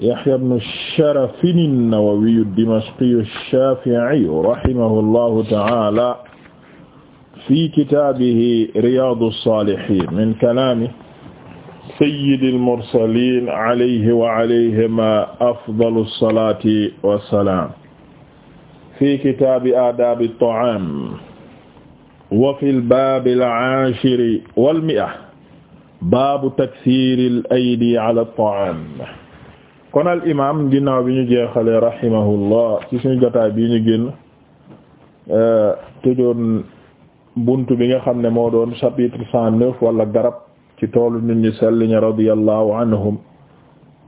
Yahya ibn Sharaf an-Nawawi ad-Dimashqi ash-Shafi'i rahimahullahu ta'ala fi kitaabihi Riyadu as-Salihin min kalaami sayyidil mursalin alayhi wa alayhima afdalu as-salati was-salam fi kitaabi aadaabi at-ta'am wa fil baabil aashiri wal mi'a baabu takthiril aydi ala at-ta'am kon al imaam ginnaaw bi ñu jeexalee rahimahullah ci suñu jotaay bii ñu génn euh, tëjoon bunt bi nga xam ne moo doon chapitre cent neuf wala garab ci toolu nit ñi selliña radiyallahu anhum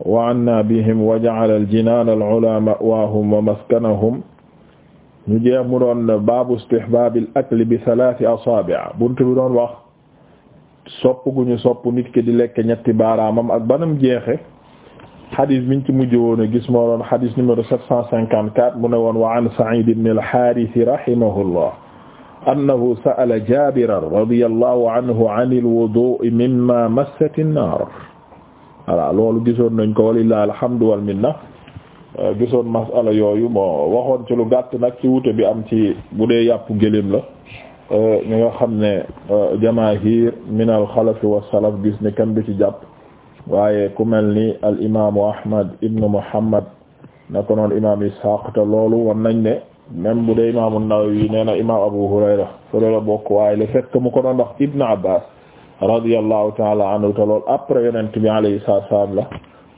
wa anna bihim wa ja'ala al jinaan al ula ma'waahum wa maskanahum ñu jeex mu doon baabu istihbaab al akl bi thalathi asaabi' bunt bi doon wax sopp gu nit ki di lekk ñetti baaraamam ak banam jeexe xadis biñ ci mujj woon a gis moo doon xadis numéro 754 mu ne woon wa an Sa'id ibn al-Harith rahimahullah annahu sa'ala Jabiran radiyallahu anhu an al-wudu'i mimma massat an-nar voilà loolu gisoon nañ ko walillahi alhamdu wal minna gisoon masala yooyu bon waxoon ci lu gàtt nag ci wute bi am ci bu dee yàpp gëléem la ñu nga xam ne jamaahir min al-xalaf wa salaf gis ne kenn du ci jàpp waaye ku mel ni al imaamu Ahmad ibn Muhammad na ko noon imaam Ishaq te loolu won nañ ne même bu dee imaamu Nawawi nee na imaam Abu Hurayra solo la bokk waaye le fait que mu ko doon wax Ibn Abbas radiyallahu taala anhu te loolu après yonent bi alayhi salaam la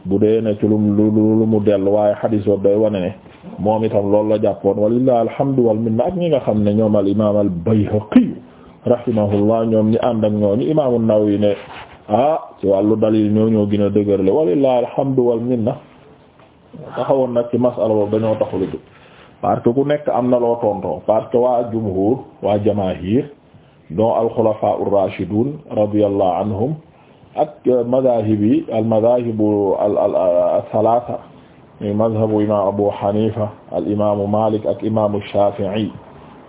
bu dee ne ci lu lu mu dellu waaye xadiis boobu day wane ne moom itam loolu la jàppoon walillahi alhamdu wal minna ak ñi nga xam ne ñoom al imaam al Bayhaqi rahimahullah ñoom ñi ànd ak ñooñu imaamu Nawawi ne. ah ci wàllu dalil ñoo ñoo gën a dëgërle walillahi alhamdu wal minna taxawoon nag ci masala boobu dañoo taxul a jóg parce que ku nekk am na loo tontoo parce que waa jumhur waa jamaahir don alxulafaa ur-rashidun radiyallahu anhum ak madahib yi al madahibu al al ath-thalatha madhabu imam abu hanifa al imamu malik ak imamu shafi'i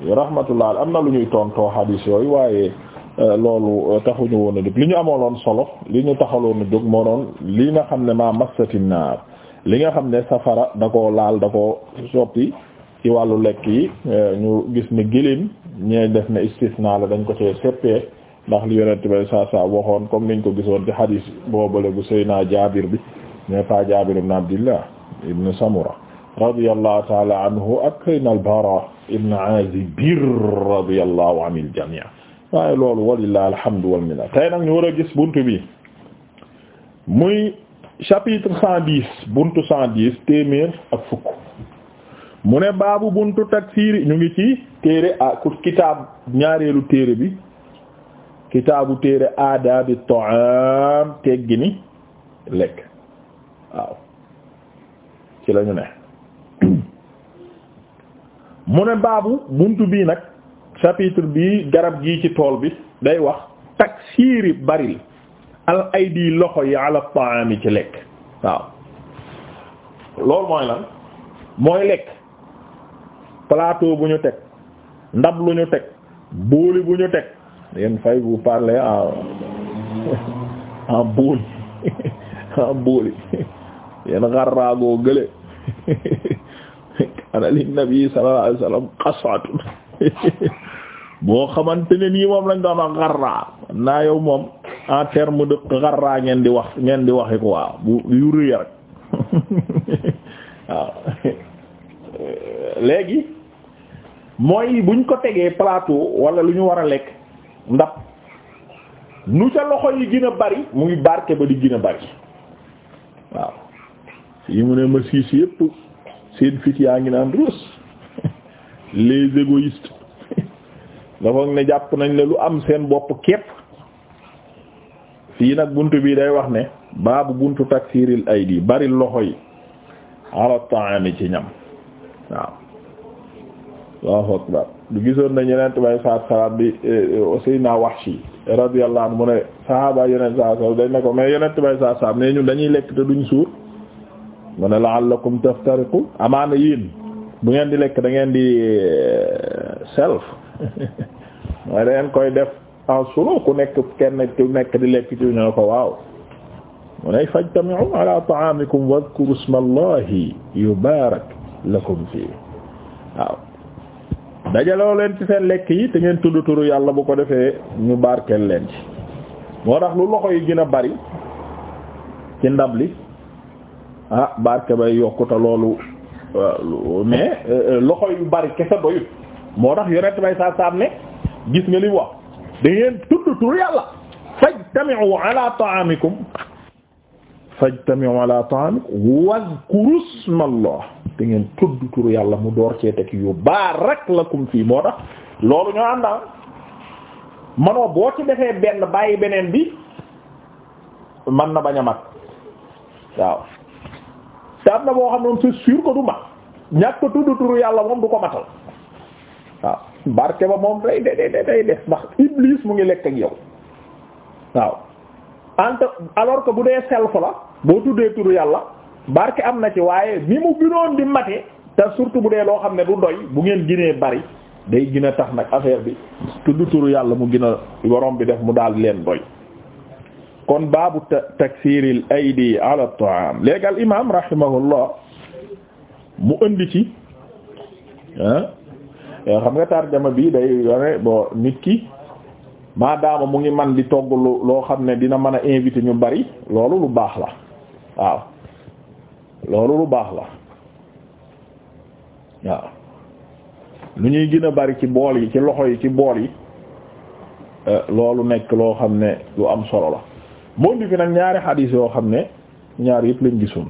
rahmatullah am na lu ñuy tontoo hadith yooyu waaye Euh, loolu euh, taxuñu woon a jóg li ñu amaloon solo li ñu taxaloon a jóg moo doon li nga xam ne maa massati naar li nga xam ne safara da ko laal da ko soppi ci wàllu lekk yi euh, ñu gis ni gilim ñee def ne istisna la dañ ko cee seppee ndax li yonent bay saa saa waxoon comme niñ ko gisoon ci hadis boobale bu Seyna Jaabir bi mais pas Jaabir ibn Abdillah ibn Samura radiyallahu taala anhu ak Seyna al-Bara ibn Azib radiyallahu anil jami' waaye loolu walillahi alhamdu wal minna tey nag ñu war a gis bunt bi muy chapitre cent dix buntu cent dix téeméer ak fukk mu ne baabu buntu taksiiri ñu ngi ci téere a ah, kitaab ñaareelu téere bi kitaabu téere aadaabi ta'am teggini lekk waaw ci lañu ne mu ne baabu buntu bii nag chapitre bii garab gii ci tool bi day wax taksiiri baril al aydi loxo yi ala taami ci lekk waaw loolu mooy lan mooy lekk plateau bu ñu teg ndab lu ñu teg booli bu ñu teg yéen fay vous parlez en en booli en booli xarraagoo gële ana nabi sallallahu alayhi wasallam boo xamante ne nii moom lañ doon wax xarraa naa yow moom en terme de xarraa ngeen di wax ngeen di waxi ko waaw yu rëy rek waaw léegi mooy buñ ko tegee plateau wala lu ñu war a lekk ndax lu ca loxo yi gën a bari muy barke ba di gën a bari waaw yi mu ne ma siis yépp seen fit yaa ngi naan ruus les égoïstes dafa ne jàpp nañ la lu am seen bopp képp fii nag bunt bii day wax ne baabu buntu taksiril aydi bari loxo yi ala ta'ami ci ñam waaw Allahu gisoon nañ yenent bay saat salam bi si eh, Wahshi radiyallahu anhu mu ne sahaba yenent sa sa dañ ne ko mais yenent bay saat salam ne ñu dañuy lekk te duñ suur mu ne la'allakum taftariqu amaana yéen bu ngeen di lekk da ngeen di eh, self mooy dangeen koy def en ku nekk kenn ku nekk di lekk ci ñoo ko waaw mu ne fajtami'u ala ta'amikum wadhkuru yu yubarak lakum fii waaw dajaloo leen ci seen lekk yi te ngeen tudd turu yàlla bu ko defee ñu barkeel leen ci moo tax lu loxo yi gën a bari ci ndab li ah barke bay yokkute loolu mais eh, eh, loxo yu bari kese doyut moo tax yonent bay saa saam ne gis nga li mu wax da ngeen tudd tur yàlla fajtami'u ala ta'amikum fajtami'u ala ta'amikum wazkuru smallah da ngeen tudd tur yàlla mu door cee teg yubarak lakum fii moo tax loolu ñoo ànd ah manoo boo ci defee benn bàyyi beneen bi man na bañ a mat waaw te am na boo xam ne c'est sûr que du mat ñàkk ko tudd turu yàlla moom du ko matal waaw barke ba moom day day day day des ndax iblis mu ngi lekk ak yow waaw entre alors que bu dee self la boo tuddee turu yàlla barke am na ci waaye ni mu gënoon di mate te surtout bu dee loo xam ne du doy bu ngeen ginee bari day gin a tax nag affaire bi tudd turu yàlla mu gën a bi def mu daal leen doy kon baabu taksiiril aydi ala ta'am léegi al imam rahimahullah mu indi ci ah Eh, xam nga tarjama bi day wane bon nit ki maadaama mu ngi man di togg loo xam ne dina mën a invité ñu bari loolu lu baax la waaw loolu lu baax la waaw lu ñuy gën a bari ci bool yi ci loxo yi ci bool yi eh, loolu nekk loo xam ne lu am solo la moo di fi nag ñaari xadiis yoo xam ne ñaar yëpp lañ gisoon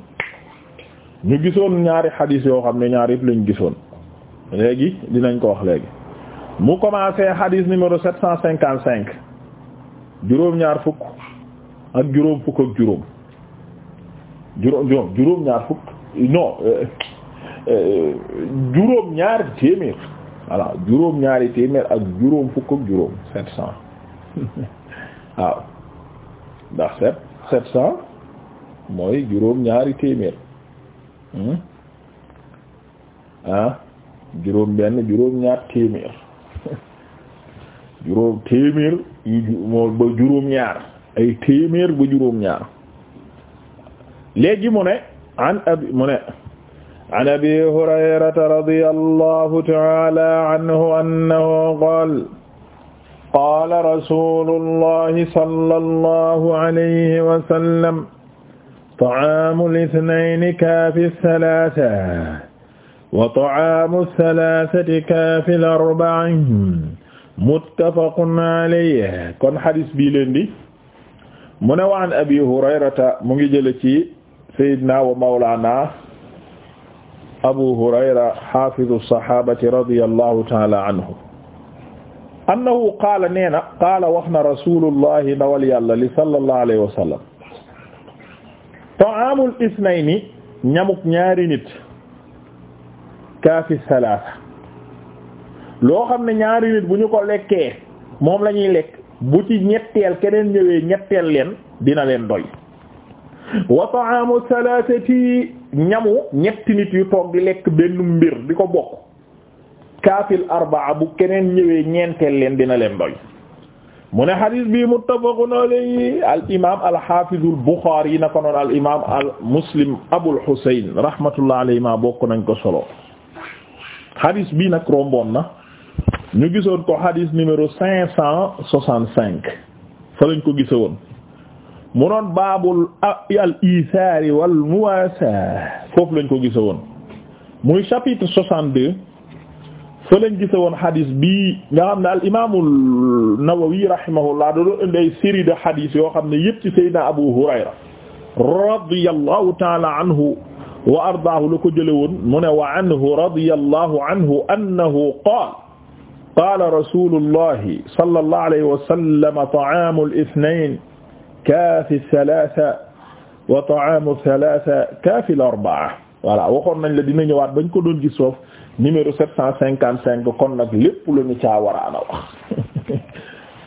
ñu gisoon ñaari xadiis yoo xam ne ñaari yëpp lañ gisoon léegi dinañ ko wax léegi mu commencé hadith numéro sept cent cinquante cinq juróom ñaar fukk ak juróom fukk ak juróom juróom juróom ñaar fukk non euh, euh, juróom ñaari téeméer voilà juróom ñaari téeméer ak juróom fukk ak juróom sept cent waaw ndax sept sept cent mooy juróom ñaari téeméer hmm? ah juróom benn juróom ñaar téeméer juróom téeméer yu moo ba juróom ñaar ay téeméer ba juróom ñaar léegi mu ne an abi mu ne an abi hurayrata radiyallahu ta'ala anhu annahu qaala qaala rasulullahi sallallahu alayhi wa sallam ta'aamul ithnayni kaafi salaasa wa ta'aamu salaasati kaafil arba'in muttafaqun alayhi kon xadis bii leen di mu ne wa an abi hurayrata mu ngi jële ci sayyidina wa mawlaana abu hurayra xaafidu saxaabati radiyallahu taala anhu annahu qaala nee na qaala wax na rasulullahi ndawal yàlla li sallallahu alayhi wa sallam ta'aamul isnayni ñamuk ñaari nit kaafi salaasa loo xam ne ñaari nit bu ñu ko lekkee moom lañuy lekk bu ci ñetteel keneen ñëwee ñetteel leen dina leen doy wa ta'amu salasati ñamu ñetti nit yu toog di lekk benn mbir di ko bokk kaafil arbaa bu keneen ñëwee ñeenteel leen dina leen doy mu ne xadis bi muttafaqun alayhi al imam al hafiz al bukhari na ko noon al imam al muslim abul husayn rahmatullah alayhi ma bokk nañ ko solo xadis bi nag romboon na ñu gisoon ko xadis numéro cinq cent soixante cinq lañ ko gise woon mu doon baabul al isaari wal muwaasa foofu lañ ko gise woon muy chapitre soixante deux fa lañ gise woon xadis bi nga xam ne al imaamul nawawi rahimahullah da doon indi ay de xadis yoo xam ne yëpp ci sayyidina abu hurayra radiyallahu taala anhu wa ardaahu la ko jële woon mu ne wa anhu radiyallahu anhu annahu qaala qaala rasulullahi sallallahu kaafi ath-thalaatha wa ta'aamu kaafi al-arba'a voilà waxoon nañ la dina ñëwaat bañ ko doon gis foofu numéro 755 kon nag lépp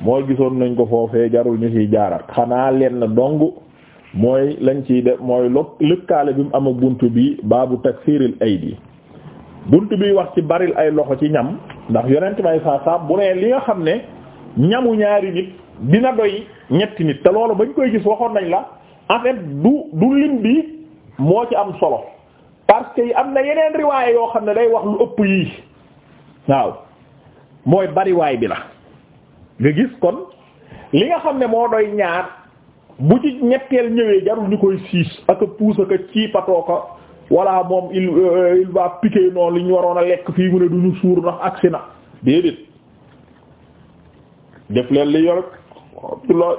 wax gisoon nañ ko foofee jarul ñu ci mooy lañ ciy def mooy lo lëkkaale bi mu am ak bunt bi baabu taksiril aydi bunt bi wax ci baril ay loxo ci ñam ndax yonent may saa saa bu nee li nga xam ne ñamu ñaari nit dina doy ñetti nit te loolu bañ koy gis waxoon nañ la en fait du du lim bi moo ci am solo parce que am na yeneen riwaay yoo xam ne day wax lu ëpp yii waaw mooy bariwaay bi la nga gis kon li nga xam ne moo doy ñaar bu ci ñetteel ñëwee jarul ñu koy siis ak a puus ak a ciipatoo ko walla moom il euh, il va piquer noonu li ñu waroon a lekk fii mu ne duñu suur ndax agsi na déedéet def leen li yor Abdullah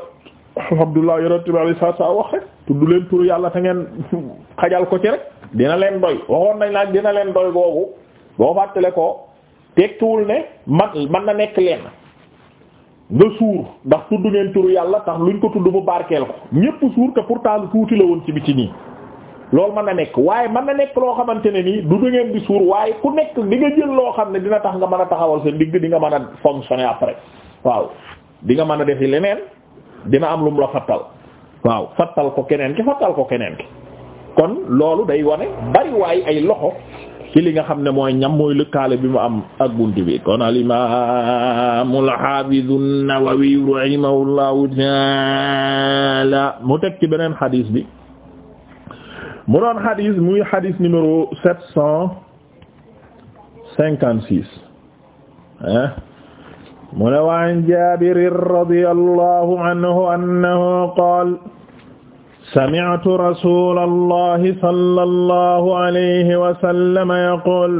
Abdullah yorati ba saa saa wax rek tudd leen tur yàlla ta ngeen xajal ko ci rek dina leen doy waxoon nañ la dina leen doy googu boo fàttale ko tekkiwul ne man man na nekk leen nga suur ndax tudd ngeen turu yàlla tax luñ ko tudd mu barkeel ko ñépp suur te pour lu tuuti la woon ci biti nii loolu mën na nekk waaye man na nekk loo xamante ne nii du du di suur waaye ku nekk di nga jël loo xam ne dina tax nga mën a taxawal sa digg di nga mën a fonctionner après waaw di nga mën a defi leneen dina am lu mu a fattal waaw fattal ko keneen ki fattal ko keneen ki kon loolu day wane bari waaye ay loxo ci li nga xam ne mooy ñam mooy lëkkaale bi mu am ak buntu bi kon al imam al hafiz an-Nawawi rahimahullahu taala mu teg ci beneen xadis bi mu doon xadis muy xadis numéro sept cent cinquante six ah eh? mu ne waan Jaabir radiyallahu anhu annahu qaala sami'tu rasulallahi sallallahu alayhi wa sallam yaqul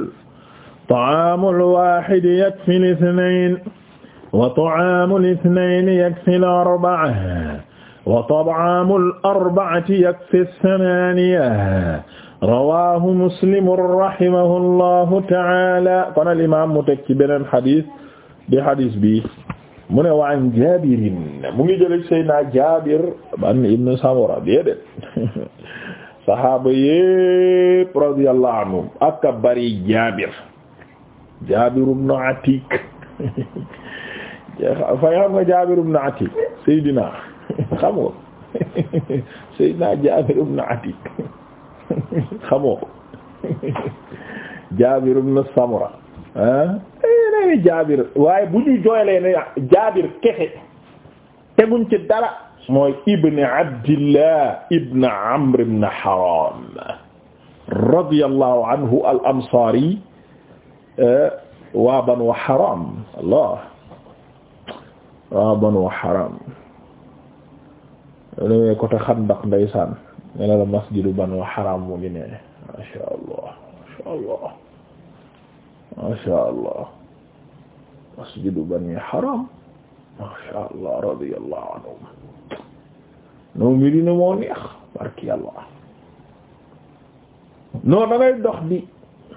ta'aamul waahidi yakfil isnayn wa ta'aamul isnayni yakfil arba'a wa ta'aamul arba'ati yakfil samaaniya rawaahu muslimun rahimahullahu ta'aala kon al imaam mu teg ci beneen xadis di xadis bi mu ne wa an Jaabirin mu ngi jële Seydina Jaabir ban ibn Samura déedéet saxaaba yépp radiyallahu anhum ak Jaabir Jaabir ibn Atiik Seydina xamoo Seydina Jaabir ibn Atiik xamoo Jaabir ibn Samura ah eh jaabir waaye bu ñu ne jaabir kese teguñ ci dara mooy ibn abdillah ibn amr ibn haram radiyallahu anhu al ansari eh, waa banu haram allah waa haram léegi côté haram mu ngi ne ma sha allah masjidu bani haram masha allah radiyallahu anhum noo Medina moo neex barki yàlla non da dox di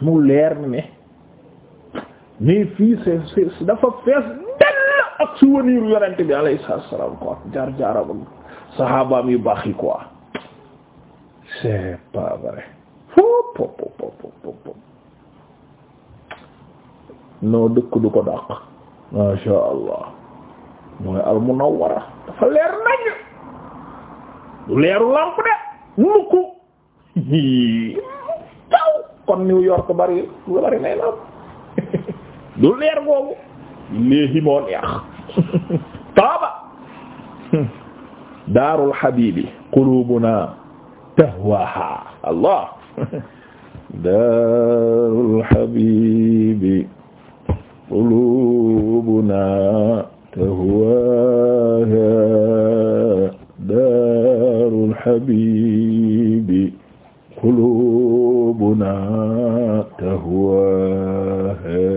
mu leer ne mais fii c'est dafa fees dell ak souveniru yonent bi alayhi salaam quoi jaar jaarabam saxaabaam yu baax yi quoi c'est pas vrai fop pop pop pop pop non dëkk du ko dàq masha allah mooy al munawwara dafa leer nañ du leeru lamp de mukk taw kon New York bari lu bari nay lamp du leer googu léegi moo neex taaba daarul habibi qulubuna tahwaha allah daarul habibi qulubuna tahwaha darul habibi qulubuna tahwaha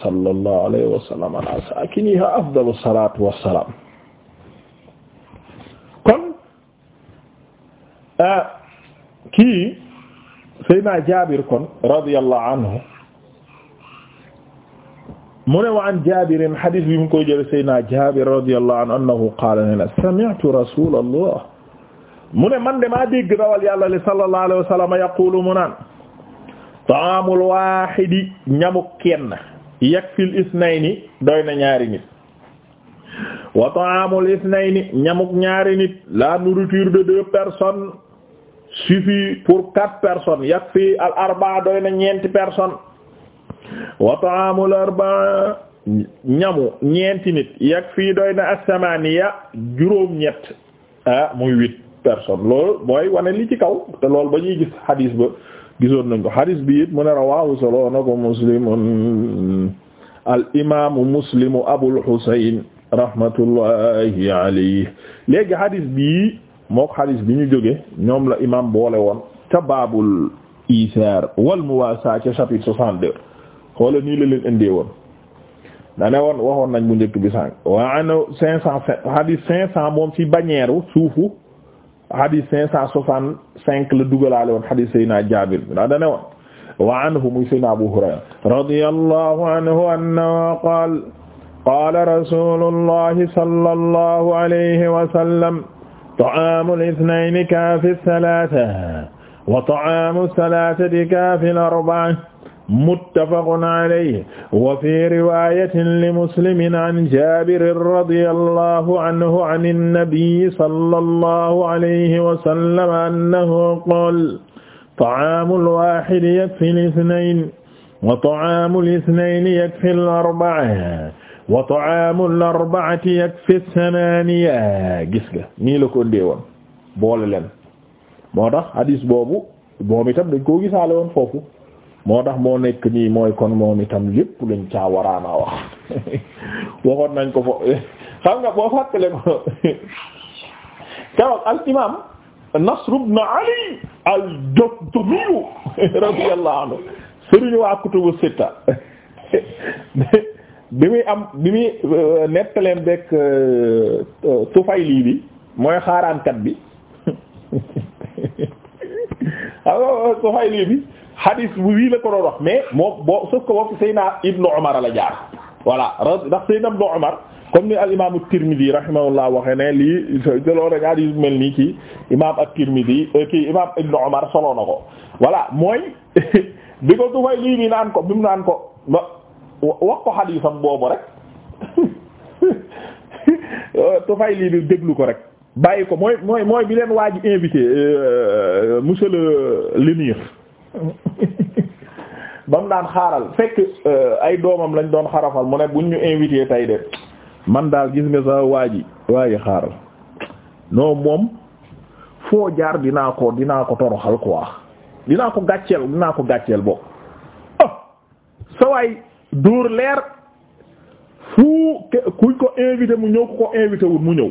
sallallahu alayhi wa sallam ala sakiniha afdalu salatu wassalam kon kii Seydina Jaabir kon radiyallahu anhu mu ne wa an Jaabirin hadis bi mu koy jëlee Seydina Jaabir radiyallahu anhu annahu qaala lana sami'tu rasulallah mu ne man de maa dégg rawal yàlla li sallallahu alayhi wa sallam yaqulu mu naan ta'aamul waahidi ñamu kenn yakfil isnayni doy na ñaari nit wa ta'aamul isnayni ñamuk ñaari nit la nourriture de deux personnes suffit pour quatre personnes yakfi al arbaa doy na ñeenti personnes wa ta'amul arbaa ñamu ñeenti nit yakfi doy na as-samaniya juróom ñett ah muy huit personnes loolu mooy wane li ci kaw te lool ba ñuy gis hadis ba gisoon nañ ko hadis bi it mu ne rawahu solo na ko muslimun al imaamu muslimu abul husayn rahmatullahi alayhi léegi hadis bi mook xadiis bi ñu jóge ñoom la imam boole woon ca baabul isaar wal muwaasa ca chapitre soixante-deux xoola nii la leen indee woon dane woon waxoon nañ bu njëkk bi sànq waa ana cinq cent xadiis cinq cent moom ci bañeeru suufu xadiis cinq cent soixante-cinq la dugalaale woon xadiis Seydina Jaabir bi ndax dane woon wa anhu muy Seydina Abu Hurayra radiyallahu anhu annahu qaala qaala rasuulullahi sallallahu alayhi wa sallam ta'aamu al-ithnayni kaafi ath-thalaatha wa ta'aamu ath-thalaathati kaafi al-arba'a muttafaqun alayhi wa fii riwaayatin li muslimin an jaabirin radiyallahu anhu an an-nabiyyi sallallahu alayhi wa sallam annahu qaala ta'aamu al-waahidi yakfi al-ithnayni wa ta'aamu al-ithnayni yakfi al-arba'a wa ta'aamul arba'ati yakfi thamaaniya gis nga nii la ko ndee woon boole leen moo tax hadis boobu moom itam dañ koo gisaale woon foofu moo tax moo nekk nii mooy kon moom itam lépp lañ caa waraanaa wax waxoon nañ ko foofu xam nga boo fàttale ko keroog al imaam Nasr ibn Ali al-Jahdami radiyallahu anhu sëriñu waa kutubu sitta bi muy am bi muy euh, nettaleen bekk euh, euh, Tufayli bi mooy xaaraankat bi alors Tufayli bi xadis bu wii la ko doon wax mais moo boo sauf ko wax Seydina Ibnu Umar la jaar voilà ndax Seydina Ibnu Umar comme ni al imaam at-Tirmidhi rahimahullah ne lii jëloo rek hadith mel nii ci imaam at-Tirmidhi kii imaam Ibnu Umar solo ko voilà mooy bi ko Tufayli bi naan ko bi mu naan ko. wax ko xadiisam boobu rek Tufayli bi déglu ko rek bàyyi ko mooy mooy mooy bi leen waa ji invité euh, euh, monsieur le l'émir ba mu daan xaaral fekk euh, ay doomam lañ doon xarafal mu ne buñ ñu invité tay de man daal gis nga sa waa ji waaye xaaral non moom foo jaar dinaa ko dinaa ko toroxal quoi dinaa ko gàcceel dinaa ko gàcceel boobu oh, sa waay dóor leer fu kuñ ko invité mu ñëw ku ko invité wul mu ñëw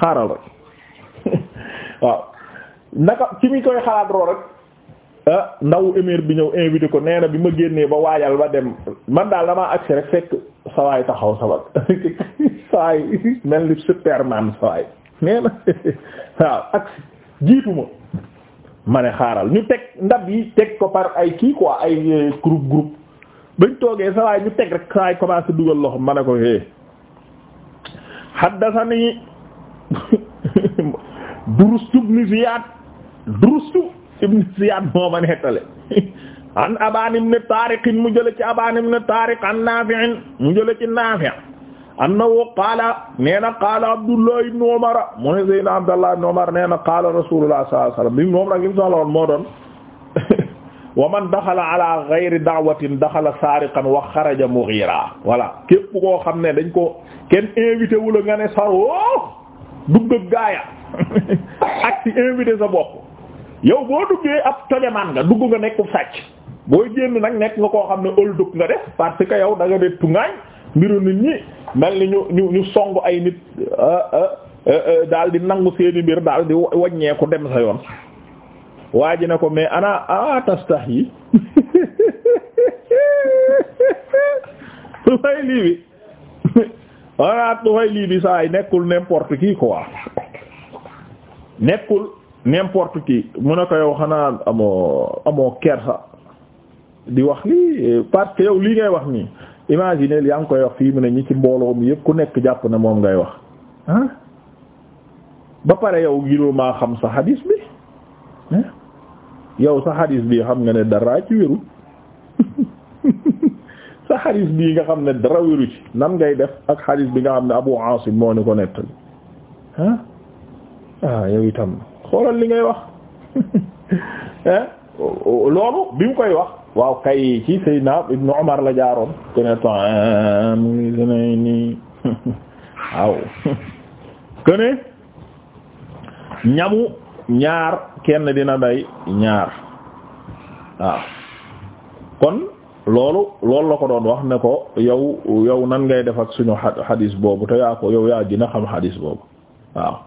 xaaral rek waaw naka ci mi koy xalaat roo rek ah, ndaw émir bi ñëw invité ko nee na bi ma génnee ba waajal ba dem man daal damaa agsi rek fekk sawaay taxaw sawaay mel ni superman sawaay nee na waaw agsi jiitu ma ma ne xaaral ñu teg ndab yi teg ko par ay kii quoi ay euh, groupe groupe bañ toogee sa waay ñu teg rek saa yi commencé dugal loxo ma ne ko hee haddathani Durustu ibn Ziyad Durustu ibn Ziyad moo ma nettale an Abaan ibn Taariq mu jële ci Abaan ibn Taariq an Naafi' mu jële ci Naafi' annahu qaala nee na qaala Abdullah ibn Umar mu ne Seydina Abdullah ibn Umar nee na qaala Rasulullah sallallahu alayhi wasallam bi moom nag li mu soxla woon moo doon wa man daxala ala ghayri da'watin daxala saariqan wa xaraja mughira voilà képp koo xam ne dañ ko kenn invité wula nga ne saro dugg ak gaaya ak ci invité sa bopp yow boo duggee ab tojamaan nga dugg nga nekku sàcc booy génn nag nekk nga koo xam ne ël dugg nga def parce que yow da nga def tungaañ mbiru nit ñi mel ni ñu ñu ñu song ay nit euh, euh, euh, daal di nangu seeni mbir daal di wàññeeku dem sa yoon waa ji na ko mais ana a ah, tastahi tufay lii bi ana lii bi saa yi nekkul n'importe qui quoi nekkul n'importe qui mu ne ko yow xanaa amoo amoo kersa di wax lii parce que yow lii ngay wax nii imaginer yaa ngi koy wax fii mu ne ñi ci mbooloo mi yëpp ku nekk jàpp na moom ngay wax ba pare yow giroo maa xam sa hadis bi yow sa xadis bii xam nga ne dara ci wéru sa xadis bii nga xam ne dara wéru ci nan ngay def ak xadis bi nga xam ne Abu Asim moo ni ko nettali ah ah yow itam xoolal li ngay wax loolu bi mu koy wax waaw kay ci Seydina Ibn Umar la jaaroon te ne temps mu ngi gën a nii waaw kene ñamu ñaar kenn dina day ñaar waaw kon loolu loolu la ko doon wax ne ko yow yow nan ngay def ak suñu xadis boobu te yaa ko yow yaa gën xam xadis boobu waaw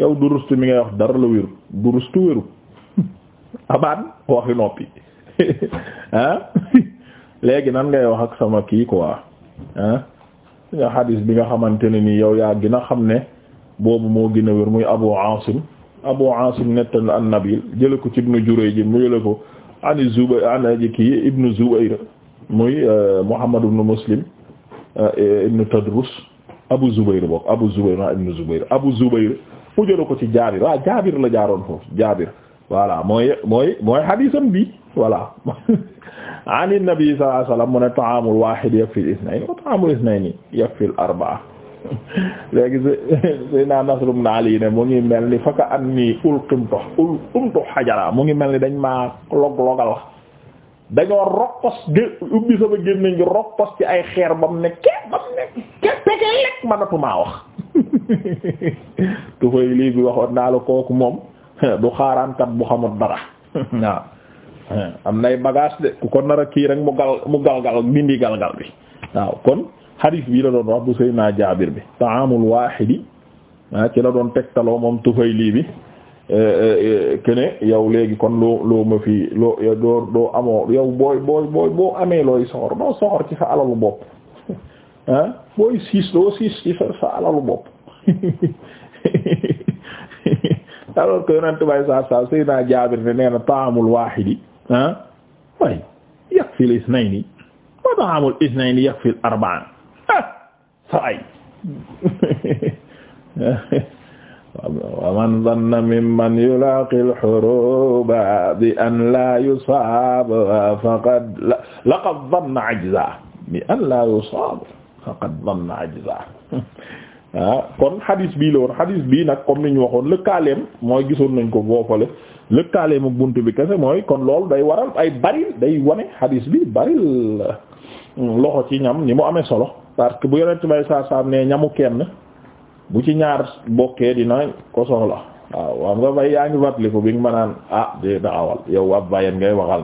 yow durustu mi ngay wax dara la wéru durustu wéru abaan waxi noppi ah léegi nan ngay wax ak sama kii quoi ah nga xadis bi nga xamante ne nii yow yaa gën a xam ne boobu moo gën a wér muy Abu Asim Abu Asim nettal an-Nabil jële ko ci Ibnu Jurayj mu jële ko an Zubayr an ajiki Ibnu Zubayr muy euh, Muhammad ibnu Muslim euh, ibnu Tadrus Abu Zubayr bokk Abu Zubayr ma ah, Ibnu Zubayr Abu Zubayr mu jële ko ci Jaabir waaw ah, Jaabir la jaaroon foofu Jaabir voilà mooy mooy mooy hadiisam bi voilà an nabi sallallahu alayhi wa sallam mu ne ta'aamul waahid yakfil isnayni wa ta'aamul isnayni yakfil arba'a léegi Seydina Nasr naa Ali ne mu ngi mel ni faka an nii ulqimtu ul umtu xajara mu ngi mel ni dañ maa log-logal dañoo rokkos gé ubbi sama gémmiñ gi rokkos ci ay xeer ba mu ne ke ba mu ne ke peke lekk mënatumaa wax tu lii bi waxoon naa la kooku moom du xaaraankat bu xamul dara waaw am nay bagage de ku ko nar kii rek mu gal mu galgal bindi galgal bi waaw kon hadith bii la doon wax bu Seydina Jaabir bi ta'amul waahidi ah ci la doon tegtaloo moom lii bi eh, eh, eh, kene yow léegi kon loo loo ma fi loo doo doo amoo yow amee looy soxor doo soxor ci sa alalu bopp ah, booy siis doo siis ci sa alalu bopp alors que yonent bay sa sa Seydina Jaabir ne nee na ta'amul waahidi ah way yakfil isnayni wa ta'amul isnayni yakfil arba'an saay wa man zanna mimman yulaqi al-huruba bi an la yusaab faqad laqad zanna ajza bi an la yusaab faqad zanna ajza ah kon hadis bii la woon hadis bii nag comme ni ñu waxoon lëkkaaleem mooy gisoon nañ ko boofale lëkkaaleem ak bunt bi kese mooy kon loolu day waral ay baril day wane hadis bi baril loxo ci ñam ni mu amee solo parce que bu yonent bay saa saam ne ñamu kenn bu ci ñaar bokkee dina ko soxla waaw waaw nga bay yaa ngi watliku bi nga ma naan ah, nag waaw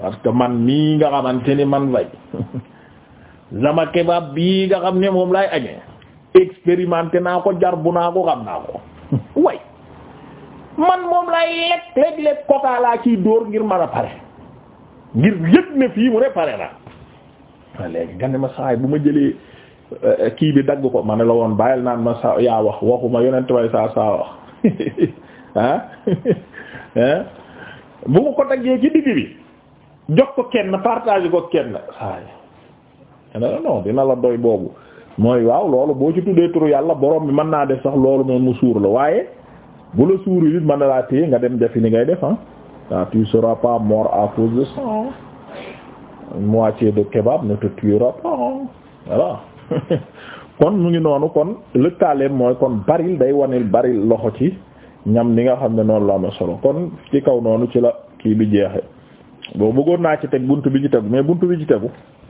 parce que man mii nga xamante ni man bay sama kebab bii nga xam ne moom laay añee expérimenté naa ko jar bu naa ko xam naa ko way man moom laay lekk léeg-léeg kotaa ciy dóor ngir mën a pare ngir yëg ne fii mu ne pare naa léegi nga ne ma saay bu ma jëlee euh, kii bi dagg ko ma ne la woon bàyyil naan ma sa yaa wax waxuma yonent way saa saa wax ah? ah bu ma ko daggee ci digg bi jox ko kenn partage ko kenn saay non non dina la doy boobu mooy waaw loolu boo ci tuddee turu yàlla borom bi mën naa def sax loolu moom mu suur la waaye bu la suur yi it mën na laa téye nga dem defi ni ngay def ah, ah tu seras pas mort à cause de ça moitié de kebab ne te tuera pas voilà kon mu ngi noonu kon lëkkaaleem mooy kon baril day wanil baril loxo ci ñam ni nga xam ne noonu la amee solo kon ci kaw noonu ci la kii bi jeexe boo bëggoon naa ci teg bunt bi ci tegu mais buntu bi ci tegu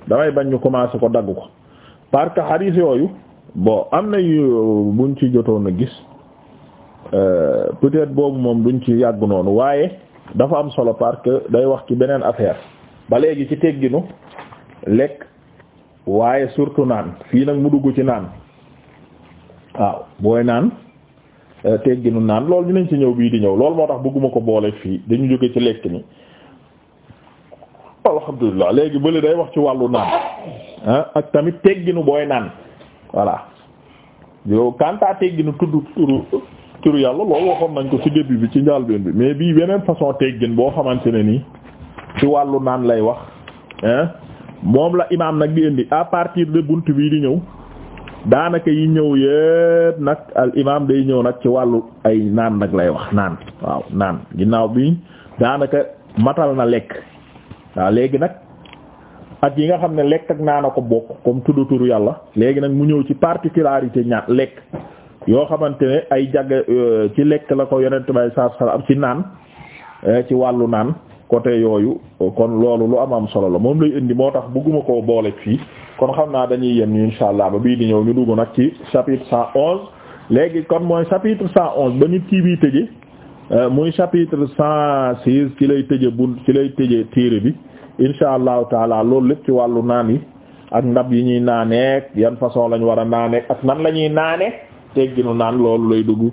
damay bañ ñu commencé ko dagg ko parce que xaris yooyu bon am na yu euh, buñ ci jotoon a gis euh, peut-être boobu moom duñ ci yàgg noonu waaye dafa am solo parce que day wax ci beneen affaire ba léegi ci tegginu lekk waaye surtout naan fii nag mu dugg ci naan waaw booy naan euh, tegginu naan loolu dinañ ci ñëw bii di ñëw loolu moo tax bëgguma ko boole fii dañu jóge ci lekk ni alhamdulilah léegi bële day wax ci wàllu naan ak tamit tegginu booy naan voilà yow kanta tegginu tudd turu turu yàlla loolu waxoon nañ ko ci début bi ci njàlbeen bi mais bii beneen façon teggin boo xamante ne nii ci wàllu naan lay wax moom la imaam nag di indi à partir de bunt bii di ñëw daanaka yi ñëw yépp nag al imaam day ñëw nag ci wàllu ay naan nag lay wax naan waaw naan ginnaaw bi daanaka matal na lekk waa léegi nag at yi nga xam ne lekk ak naan a ko bokk comme tuddu turu yàlla léegi nag mu ñëw ci particularité ñaan lekk yoo xamante ne ay jag euh, ci lekk la ko yonent bay saar saar ci naan euh, ci wàllu naan côté yooyu kon loolu lu am am solo la moom lay indi moo tax bugguma ko boole fii kon xam naa dañuy yem ni insha allah ba bii di ñëw ñu dugg nag ci chapitre cent onze léegi kon mooy chapitre cent onze ba nit kii bii tëje euh, muy chapitre cent seize ci lay tëje bu ci lay tëje tiire bi insha allahu taala loolu lépp ci wàllu naan yi ak ndab yi ñuy naaneek yan façon lañ war a naaneek ak nan la ñuy naane tegginu naan loolu lay dugg